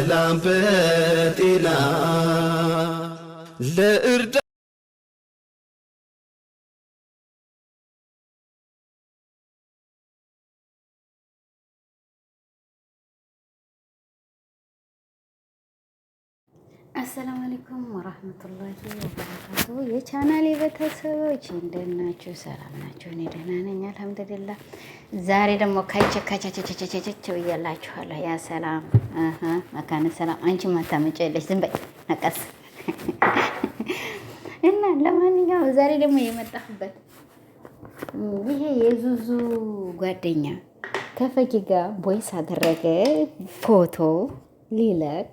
በሰላም በጤና ለእርዳ አሰላሙ አለይኩም ወራህመቱላሂ ወበረካቱ። የቻናሌ ቤተሰቦች እንደምን ናችሁ? ሰላም ናችሁ? እኔ ደህና ነኝ አልሐምዱሊላህ። ዛሬ ደግሞ ካቸካቸቸቸቸቸቸ ብያላችኋለሁ። ያ ሰላም መካነ ሰላም አንቺ ማታመጫ የለሽ ዝም በይ ነቀስ እና ለማንኛውም ዛሬ ደግሞ የመጣሁበት ይሄ የዙዙ ጓደኛ ከፈኪ ጋር ቦይስ አደረገ ፎቶ ሊለቅ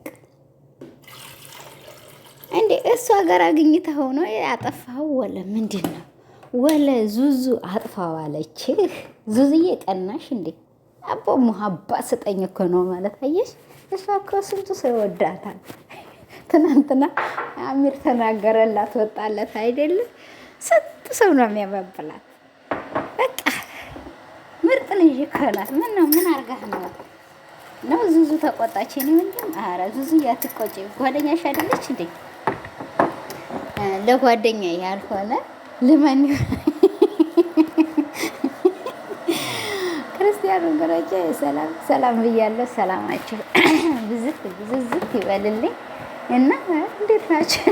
እንዴ እሷ ጋር አግኝታ ሆኖ ያጠፋው ወለ ምንድን ነው ወለ ዙዙ አጥፋው አለች። ዙዙዬ ቀናሽ እንዴ አቦ ሙሀባ ስጠኝ እኮ ነው ማለት አየሽ። እሷ እኮ ስንቱ ሰው ይወዳታል። ትናንትና አሚር ተናገረላት ወጣለት አይደለም። ስንቱ ሰው ነው የሚያባብላት። በቃ ምርጥ ልጅ ከላት ምን ነው ምን አርጋህ ነው ነው ዙዙ ተቆጣች። እኔ ወንድም ኧረ ዙዙ ያትቆጪ ጓደኛሽ አይደለች እንዴ? ለጓደኛ ያልሆነ ለማን ክርስቲያን ወገኖቼ ሰላም ሰላም ብያለሁ። ሰላማችሁ ብዝት ብዝዝት ይበልልኝ እና እንዴት ናቸው?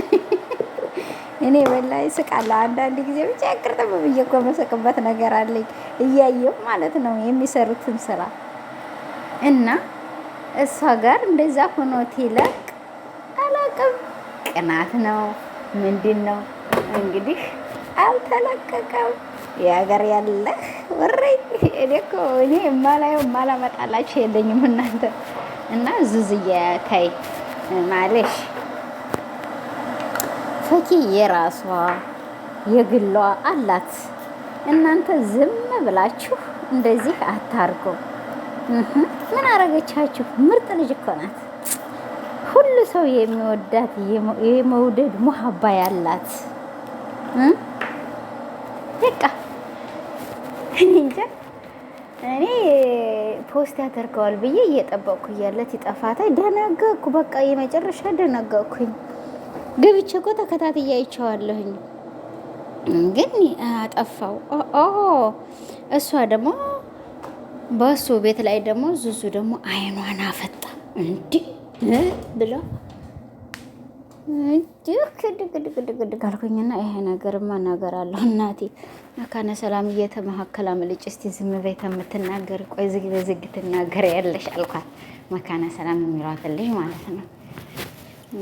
እኔ በላይ ስቃለሁ አንዳንድ ጊዜ ብቻ ያቅርጥም ብዬ እኮ የምስቅበት ነገር አለኝ እያየሁ ማለት ነው የሚሰሩትን ስራ እና እሷ ጋር እንደዛ ሆኖ ይለቅ አላውቅም። ቅናት ነው ምንድን ነው እንግዲህ አልተለቀቀም። የሀገር ያለህ ወሬኝ እኔ እኮ እኔ የማላየው የማላመጣላችሁ የለኝም እናንተ እና ዙዝያ ታይ ማለሽ ፈኪ የራሷ የግሏ አላት። እናንተ ዝም ብላችሁ እንደዚህ አታርጎ ምን አረገቻችሁ? ምርጥ ልጅ እኮ ናት። ሁሉ ሰው የሚወዳት የመውደድ ሙሀባ ያላት በቃ እንጃ እኔ ፖስት ያተርከዋል ብዬ እየጠበቅኩ እያለት ይጠፋታል። ደነገኩ፣ በቃ የመጨረሻ ደነገኩኝ። ግብቼ እኮ ተከታትዬ አይቼዋለሁኝ፣ ግን አጠፋው። እሷ ደግሞ በእሱ ቤት ላይ ደግሞ ዙዙ ደግሞ አይኗን አፈጣ እንዲህ ብሎ ድግድግድግድግ አልኩኝና ይሄ ነገርማ ነገር እናቴ መካነ ሰላም እየተመካከል አምልጭ እስቲ ዝም በይ ከምትናገር ቆይ ዝግ በዝግ ትናገር ያለሽ አልኳት። መካነ ሰላም ማለት ነው።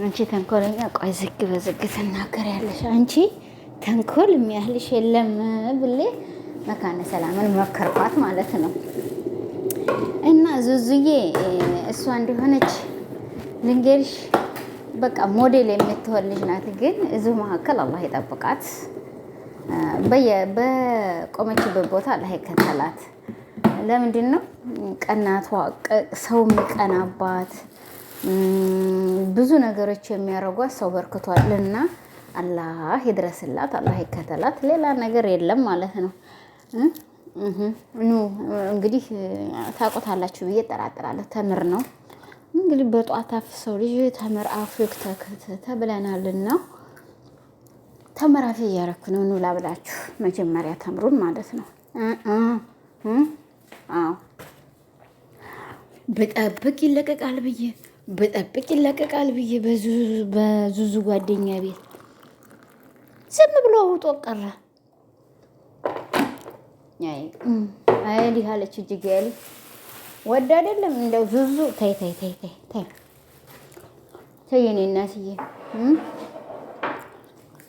አንቺ ተንኮለኛ ቆይ ዝግ በዝግ ትናገር ያለሽ አንቺ ተንኮል የሚያህልሽ የለም ብሌ መካነ ሰላምን መከርኳት ማለት ነው። እና ዙዙዬ እሷ እንደሆነች ልንገርሽ በቃ ሞዴል የምትሆን ልጅ ናት። ግን እዚሁ መካከል አላህ ይጠብቃት። በቆመችበት ቦታ አላህ ይከተላት። ለምንድን ነው ቀናቷ ሰው የሚቀናባት ብዙ ነገሮች የሚያደርጓት ሰው በርክቷልና አላህ ይድረስላት፣ አላህ ይከተላት። ሌላ ነገር የለም ማለት ነው። እንግዲህ ታውቆታላችሁ ብዬ እጠራጥራለሁ። ተምር ነው እንግዲህ በጧት አፍሰው ልጅ ተምር አፍክ ተብለናልና ተመራፊ አፍ እያረኩ ነው። ኑ ላብላችሁ መጀመሪያ ተምሩን ማለት ነው። አዎ ብጠብቅ ይለቀቃል ብዬ ብጠብቅ ይለቀቃል ብዬ በዙዙ ጓደኛ ቤት ዝም ብሎ አውጦ ቀረ። አይ አለች እጅግ ያለች ወደ አይደለም እንደው ዙዙ ተይ ተይ ተይ ተይ ተይ ተይ የኔ እናትዬ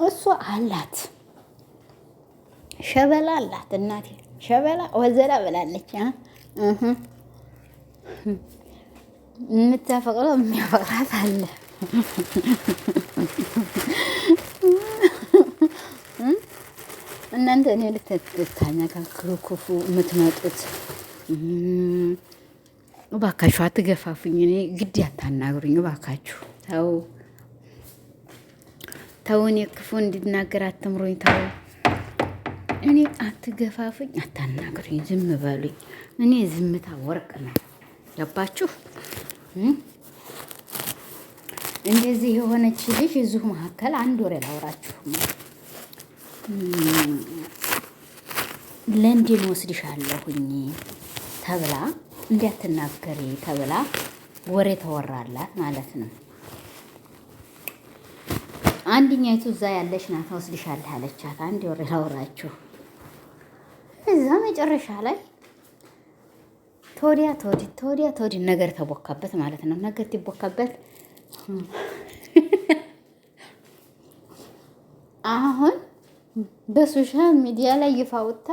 እሱ አላት ሸበላ አላት እናቴ ሸበላ ወዘላ ብላለች። የምታፈቅረው የሚያፈቅራት አለ። እናንተ እኔ ልትታነካክሩ ክፉ የምትመጡት እባካችሁ አትገፋፉኝ። እኔ ግድ ያታናግሩኝ እባካችሁ። ተው ተው፣ እኔ ክፉ እንድናገር አትምሮኝ። ተው እኔ አትገፋፉኝ፣ አታናግሩኝ፣ ዝም በሉኝ። እኔ ዝምታ ወርቅ ነው። ገባችሁ? እንደዚህ የሆነች ልጅ እዚሁ መካከል አንድ ወሬ ላውራችሁ። ለንደን ወስድሻለሁኝ ተብላ እንዳትናገሪ ተብላ ወሬ ተወራላት ማለት ነው። አንድኛይቱ እዛ ያለች ናት ወስድሻለሁ አለቻት። አንድ ወሬ ላውራችሁ። እዛ መጨረሻ ላይ ተወዲያ ተወዲ ተወዲያ ተወዲ ነገር ተቦካበት ማለት ነው። ነገር ትቦካበት አሁን በሶሻል ሚዲያ ላይ ይፋ ወጥታ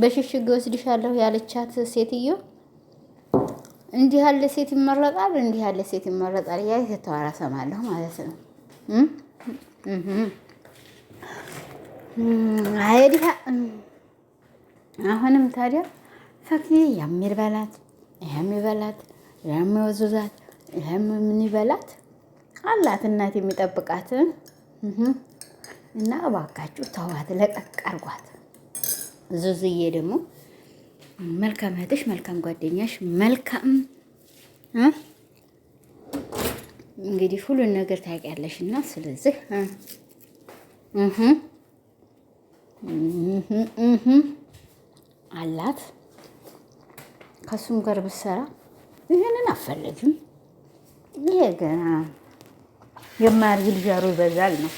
በሽሽግ ወስድሻለሁ ያለቻት ሴትዮ እንዲህ ያለ ሴት ይመረጣል፣ እንዲህ ያለ ሴት ይመረጣል። ያ የተዋራ ሰማለሁ ማለት ነው። አይዲህ አሁንም ታዲያ ፈክዬ የሚበላት የሚበላት የሚወዙዛት የምን ይበላት አላት እናት የሚጠብቃት እና እባካችሁ ተዋት፣ ለቀቅ አርጓት። ዙዙዬ ደግሞ መልካም እህትሽ፣ መልካም ጓደኛሽ፣ መልካም እንግዲህ ሁሉን ነገር ታውቂያለሽ እና ስለዚህ አላት ከሱም ጋር ብትሰራ ይህንን አፈለግም። ይሄ ገና የማያርግ ልጅ ይበዛል ነው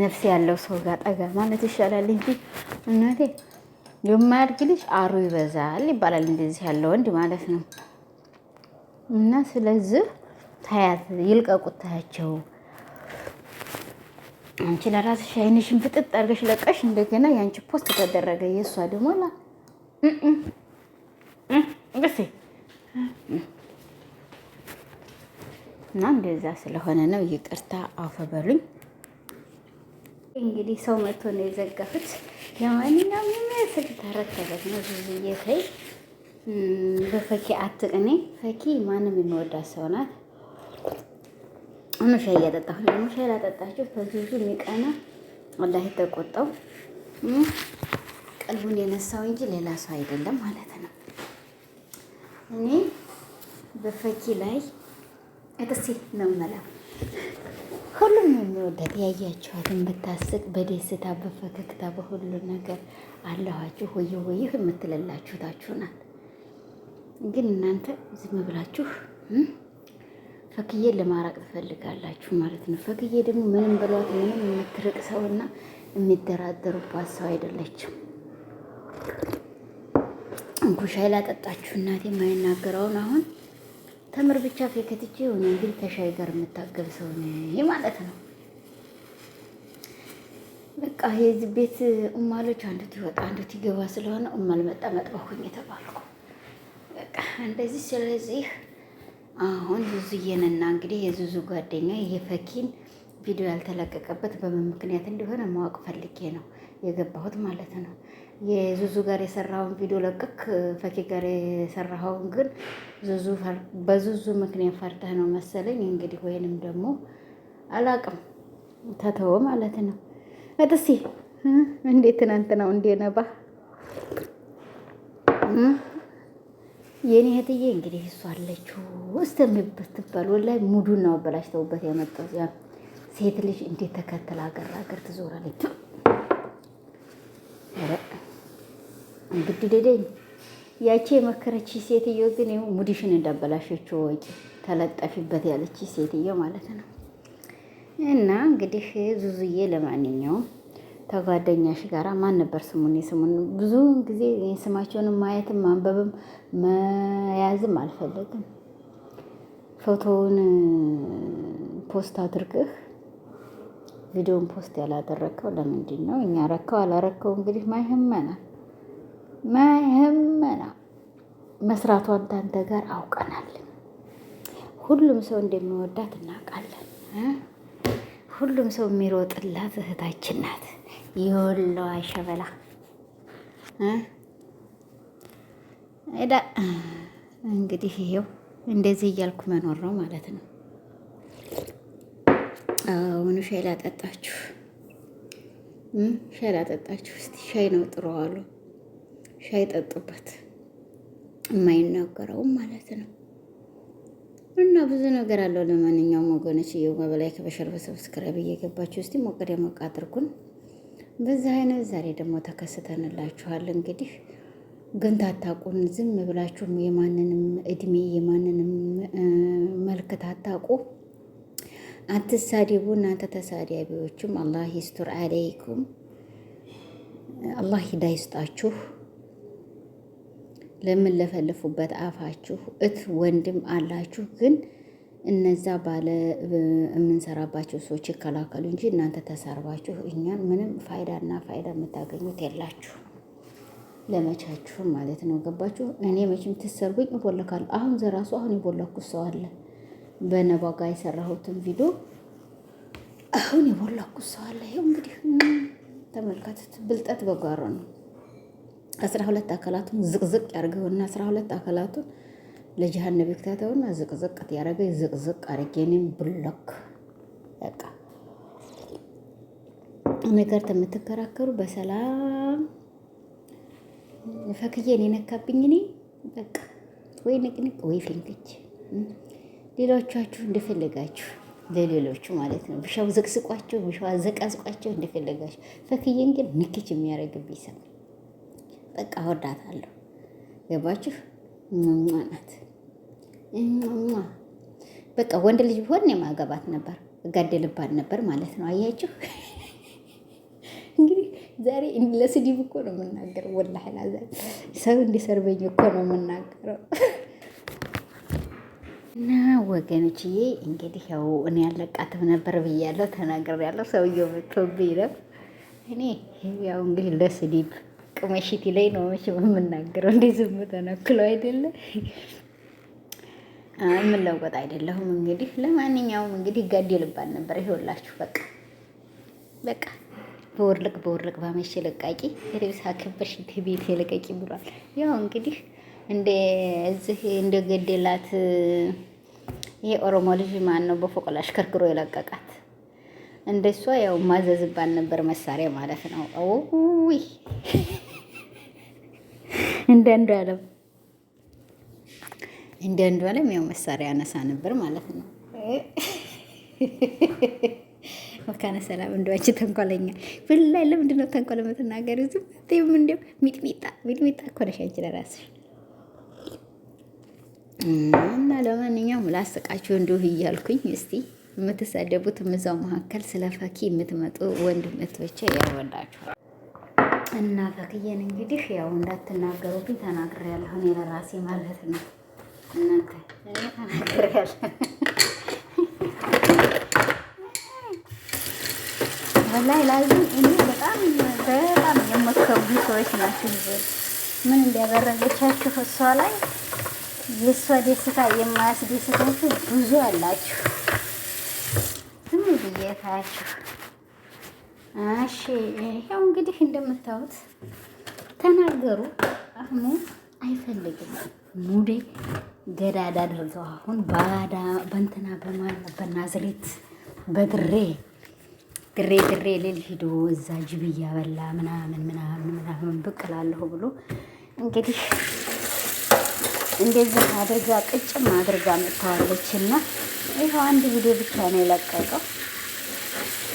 ነፍስ ያለው ሰው ጋር ጠጋ ማለት ይሻላል እንጂ እናቴ የማያድግ ልጅ አሩ ይበዛል ይባላል። እንደዚህ ያለው ወንድ ማለት ነው። እና ስለዚህ ታያት ይልቀቁት፣ ታያቸው። አንቺ ለራስሽ አይንሽን ፍጥጥ አድርገሽ ለቀሽ፣ እንደገና የአንቺ ፖስት ተደረገ፣ የእሷ ደግሞ ላ እና እንደዛ ስለሆነ ነው። ይቅርታ አፈበሉኝ። እንግዲህ ሰው መቶ ነው የዘጋሁት። ለማንኛውም የሚያስቅ ተረት ተረት ነው። ዙዙዬ ተይ በፈኪ አትቅኔ። ፈኪ ማንም የሚወዳት ሰው ናት። ሻይ እያጠጣሁ ደግሞ ሻይ ላጠጣችሁ። ከዙዙ የሚቀና ወላሂ ተቆጣው ቀልቡን የነሳው እንጂ ሌላ ሰው አይደለም ማለት ነው። እኔ በፈኪ ላይ እጥሴ ነው የምለው ሁሉም ነው የሚወዳት። ያያችኋትን ብታስቅ በደስታ በፈገግታ በሁሉ ነገር አለኋችሁ ወየ ወይህ የምትለላችሁታችሁ ናት። ግን እናንተ ዝም ብላችሁ ፈክዬን ለማራቅ ትፈልጋላችሁ ማለት ነው። ፈክዬ ደግሞ ምንም ብሏት ምንም የምትርቅ ሰውና የሚደራደሩባት ሰው አይደለችም። እንኩሻይ ላጠጣችሁ እናቴ የማይናገረውን አሁን ተምር ብቻ ፌከትቼ የሆነ እንግዲህ ከሻይ ጋር የምታገብ ሰው ነኝ ማለት ነው። በቃ የዚህ ቤት እማሎች አንዱት ይወጣ አንዱት ይገባ ስለሆነ እማል መጣ መጥባሁኝ የተባልኩ በቃ እንደዚህ። ስለዚህ አሁን ዙዙዬንና እንግዲህ የዙዙ ጓደኛ የፈኪን ቪዲዮ ያልተለቀቀበት በምን ምክንያት እንደሆነ ማወቅ ፈልጌ ነው የገባሁት ማለት ነው። የዙዙ ጋር የሰራውን ቪዲዮ ለቅክ ፈኪ ጋር የሰራኸውን ግን በዙዙ ምክንያት ፈርተህ ነው መሰለኝ እንግዲህ ወይንም ደግሞ አላቅም ተተወ ማለት ነው። እጥሲ እንዴት ነው እንዴ ነባ የኔ እህትዬ እንግዲህ እሷ አለችው እስተምብትባል ወላሂ ሙዱን ነው አበላሽተውበት ያመጣው። ያ ሴት ልጅ እንዴት ተከትላ አገር አገር ትዞራለች። እንግድደደኝ ያቺ የመከረች ሴትዮ ግን ይኸው ሙዲሽን እንዳበላሸችው ወቂ ተለጠፊበት ያለች ሴትዮ ማለት ነው። እና እንግዲህ ዙዙዬ ለማንኛውም ተጓደኛሽ ጋራ ማን ነበር ስሙን ስሙን ብዙውን ጊዜ ስማቸውን ማየትም ማንበብም መያዝም አልፈለግም። ፎቶውን ፖስት አድርገህ ቪዲዮን ፖስት ያላደረግከው ለምንድን ነው? እኛ ረከው አላረከው እንግዲህ ማይህመናል መህመና መስራቷን ታንተ ጋር አውቀናል። ሁሉም ሰው እንደሚወዳት እናውቃለን። ሁሉም ሰው የሚሮጥላት እህታችን ናት። የወለዋ ሸበላ እዳ እንግዲህ ይሄው እንደዚህ እያልኩ መኖር ነው ማለት ነው። አሁኑ ሻይ ላጠጣችሁ፣ ሻይ ላጠጣችሁ። እስቲ ሻይ ነው ጥሩ አሉ። ሻይ ጠጡበት የማይናገረውም ማለት ነው። እና ብዙ ነገር አለው። ለማንኛውም ወገኖች እየዋ በላይ ከበሸር በሰብስክራይብ እየገባችሁ እስቲ ሞቅ ደሞቅ አድርጉን። በዚህ አይነት ዛሬ ደግሞ ተከስተንላችኋል። እንግዲህ ግን ታታቁን ዝም ብላችሁም የማንንም እድሜ የማንንም መልክ ታታቁ አትሳዲቡ። እናንተ ተሳዳቢዎችም አላህ ይስቱር አለይኩም፣ አላህ ሂዳ ይስጣችሁ። ለምንለፈልፉበት አፋችሁ እት ወንድም አላችሁ ግን እነዛ ባለ የምንሰራባቸው ሰዎች ይከላከሉ እንጂ እናንተ ተሰርባችሁ እኛን ምንም ፋይዳና ፋይዳ የምታገኙት የላችሁ። ለመቻችሁ ማለት ነው። ገባችሁ? እኔ መቼም ትሰርጉኝ እቦለካለሁ። አሁን ዘራሱ አሁን የቦለኩት ሰው አለ። በነባ ጋር የሰራሁትን ቪዲዮ አሁን የቦለኩት ሰው አለ። ይኸው እንግዲህ ተመልከቱት። ብልጠት በጓሮ ነው። አስራ ሁለት አካላቱን ዝቅዝቅ ያርገውና አስራ ሁለት አካላቱን ለጀሃነብ ይክተተውና ዝቅዝቅ ያረገ ዝቅዝቅ አርጌኔም ብሎክ በቃ ነገር የምትከራከሩ በሰላም ፈክዬን የነካብኝ እኔ በቃ ወይ ንቅንቅ ወይ ፊንክች ሌሎቻችሁ እንደፈለጋችሁ ለሌሎቹ ማለት ነው። ብሻው ዘቅስቋቸው ብሻው ዘቃዝቋቸው እንደፈለጋችሁ። ፈክዬን ግን ንክች የሚያደርግብኝ ሰው በቃ እወዳታለሁ። ገባችሁ? እሟሟ ናት እሟሟ። በቃ ወንድ ልጅ ቢሆን የማገባት ማገባት ነበር፣ እጋደልባት ነበር ማለት ነው። አያችሁ እንግዲህ ዛሬ ለስድብ እኮ ነው የምናገረው። ወላሂ ሰው እንዲሰርበኝ እኮ ነው የምናገረው። እና ወገኖችዬ እንግዲህ ያው እኔ ያለቃትም ነበር ብያለሁ፣ ተናግሬያለሁ። ሰውየው መቶብኝ ነው። እኔ ያው እንግዲህ ለስድብ ቅመሽቲ ላይ ነው መቼም የምናገረው። እንደ ዝም ተነክሎ አይደለ የምለውቀጥ አይደለሁም። እንግዲህ ለማንኛውም እንግዲህ ይጋደልባል ነበር። ይኸውላችሁ በቃ በቃ በወርልቅ በወርልቅ ባመሽ ለቃቂ ሬሳ ከበሽ ቤት የለቀቂ ብሏል። ያው እንግዲህ እንደ እዚህ እንደ ገደላት ይሄ ኦሮሞ ልጅ ማን ነው በፎቅ ላይ አሽከርክሮ የለቀቃት? እንደሷ ያው ማዘዝባን ነበር መሳሪያ ማለት ነው። ኦይ እንዳንዱ አለም እንዳንዱ አለም ያው መሳሪያ ያነሳ ነበር ማለት ነው። መካነ ሰላም እንደዋች ተንኮለኛ ብላይ ለምንድን ነው ተንኮል የምትናገሪው? ዝም ብትይም እንደው ሚጥሚጣ ሚጥሚጣ እኮ ነሽ አንቺ ለራስሽ። እና ለማንኛውም ላስቃችሁ እንዲሁ እያልኩኝ እስቲ የምትሳደቡት ምዛው መካከል ስለ ፈኪ የምትመጡ ወንድም እህቶቼ ያወላችኋል። እና ፈክዬን እንግዲህ ያው እንዳትናገሩብኝ ተናግሬያለሁ። እኔ ለራሴ ማለት ነው እናንተ ተናግሬያለሁ። ወላሂ ላዚም እኔ በጣም በጣም የምትከብዱ ሰዎች ናቸው። ምን እንዲያደረገቻችሁ እሷ ላይ የእሷ ደስታ የማያስደስታችሁ ብዙ አላችሁ። ዝም ብዬታችሁ እሺ ያው እንግዲህ እንደምታዩት ተናገሩ። አህሙ አይፈልግም። ሙዴ ገዳዳ አድርገው አሁን ባዳ በእንትና በማለ በናዝሬት በድሬ ድሬ ድሬ ሌል ሂዶ እዛ ጅብ እያበላ ምናምን ምናምን ምናምን ብቅ እላለሁ ብሎ እንግዲህ እንደዚህ አድርጋ ቅጭም አድርጋ መጥተዋለች እና ይኸው አንድ ቪዲዮ ብቻ ነው የለቀቀው።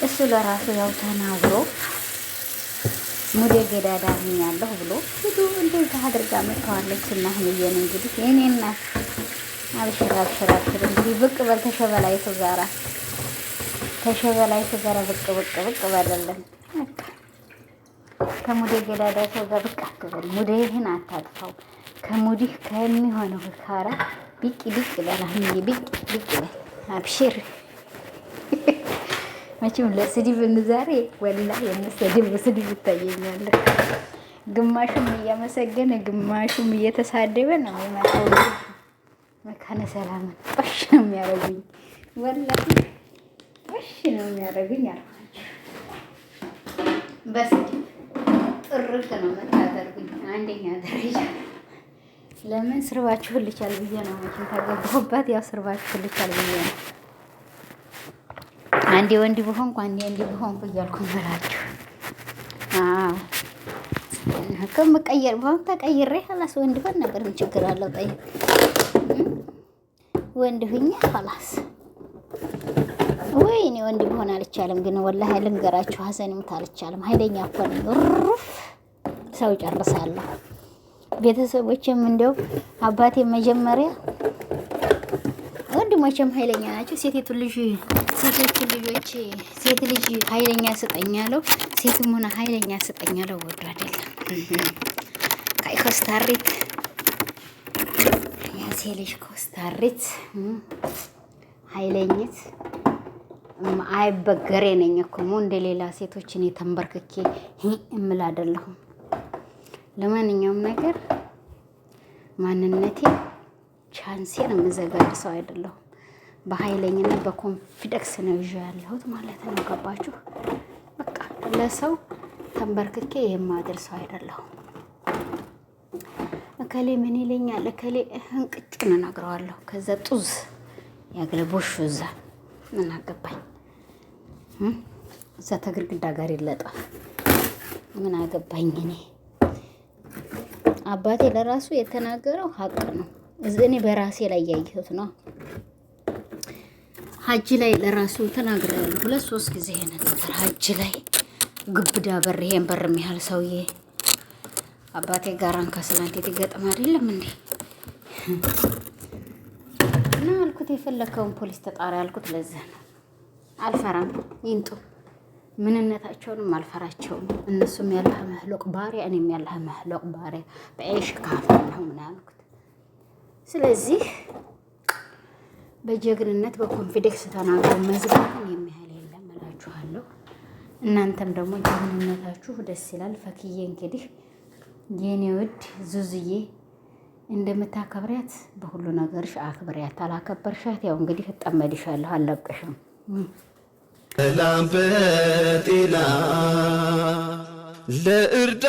እሱ ለራሱ ያው ተናግሮ ሙዴ ገዳዳሚ ያለሁ ብሎ ሂዱ እንደዛ አድርጋ መጥተዋለች። እና ህንየን እንግዲህ የኔ እናት አብሽር አብሽር አብሽር እንግዲህ ብቅ በል ተሸበላይቱ ጋራ ተሸበላይቱ ጋራ ብቅ ብቅ ብቅ በለለን ከሙዴ ገዳዳ ሰው ጋር ብቅ አትበል። ሙዴህን አታጥፋው። ከሙዲህ ከሚሆነው ጋራ ቢቅ ቢቅ በል፣ ብቅ ቢቅ በል አብሽር መቼም ለስድብ እንዛሬ ወላ የምሰድብ ስድብ ይታየኛል። ግማሹም እያመሰገነ ግማሹም እየተሳደበ ነው የመጣው። መካነ ሰላም ጦሽ ነው የሚያደርጉኝ፣ ወላ ጦሽ ነው የሚያደርጉኝ አልኳቸው። በስድብ ጥርቅ ነው መታደርጉኝ አንደኛ ደረጃ ለምን ስርባችሁልቻል ልቻል ብዬ ነው መቼም ታገባሁባት። ያው ስርባችሁልቻል ልቻል ብዬ ነው አንዴ ወንድ በሆንኩ አንዴ ወንድ በሆንኩ እያልኩ እንበላችሁ። አዎ ከምቀየር በሆን ተቀይሬ ኸላስ ወንድ ሆን ነበር። ምን ችግር አለው? ጠይ ወንድ ሁኜ ኸላስ ወይ እኔ ወንድ በሆን አልቻለም። ግን ወላሂ ልንገራችሁ፣ ሀሰን ይሙት አልቻለም። ኃይለኛ እኮ ነኝ። ሩፍ ሰው ጨርሳለሁ። ቤተሰቦችም እንደው አባቴ መጀመሪያ ወንድሞችም ኃይለኛ ናቸው። ሴቴቱ ልጅ ሴቶች ልጆች ሴት ልጅ ኃይለኛ ስጠኝ ሴትም ሆነ ኃይለኛ ስጠኛ አለው። ወዶ አይደለም ከኮስታሪት ያሴ ልጅ ኮስታሪት ኃይለኝት አይበገሬ ነኝ እኮ ሞ እንደ ሌላ ሴቶችን የተንበርክኬ እምል አይደለሁም። ለማንኛውም ነገር ማንነቴ ቻንሴን የምዘጋጅ ሰው አይደለሁም። በኃይለኝነት በኮንፊደንስ ነው ይዤ ያለሁት ማለት ነው። ገባችሁ? በቃ ለሰው ተንበርክኬ የማድር ሰው አይደለሁም። እከሌ ምን ይለኛል፣ እከሌ እንቅጭን እነግረዋለሁ። ከዛ ጡዝ ያግለቦሽ እዛ ምን አገባኝ፣ እዛ ተግርግዳ ጋር ይለጣል። ምን አገባኝ እኔ አባቴ ለራሱ የተናገረው ሀቅ ነው። እኔ በራሴ ላይ ያየሁት ነው። ሀጅ ላይ ለራሱ ተናግሬያለሁ ሁለት ሶስት ጊዜ ይሄንን ነገር ሀጅ ላይ ግብዳ በር ይሄን በር የሚያህል ሰውዬ አባቴ ጋራን ከስላንት የትገጥም አይደለም እንዴ እና አልኩት፣ የፈለከውን ፖሊስ ተጣሪ አልኩት። ለዚህ ነው አልፈራም። ይንጡ ምንነታቸውንም አልፈራቸውም። እነሱም ያለህ መህሎቅ ባሪያ፣ እኔም ያለህ መህሎቅ ባሪያ በኤሽ ካፋ ነው ምናምን አልኩት። ስለዚህ በጀግንነት በኮንፊደንስ ተናግሮ መዝጋትን የሚያህል የለም እላችኋለሁ። እናንተም ደግሞ ጀግንነታችሁ ደስ ይላል። ፈክዬ እንግዲህ የኔ ውድ ዙዝዬ እንደምታከብሪያት በሁሉ ነገርሽ አክብሪያት። አላከበርሻት ያው እንግዲህ እጠመድሻለሁ፣ አልለቅሽም። ሰላም በጤና ለእርዳ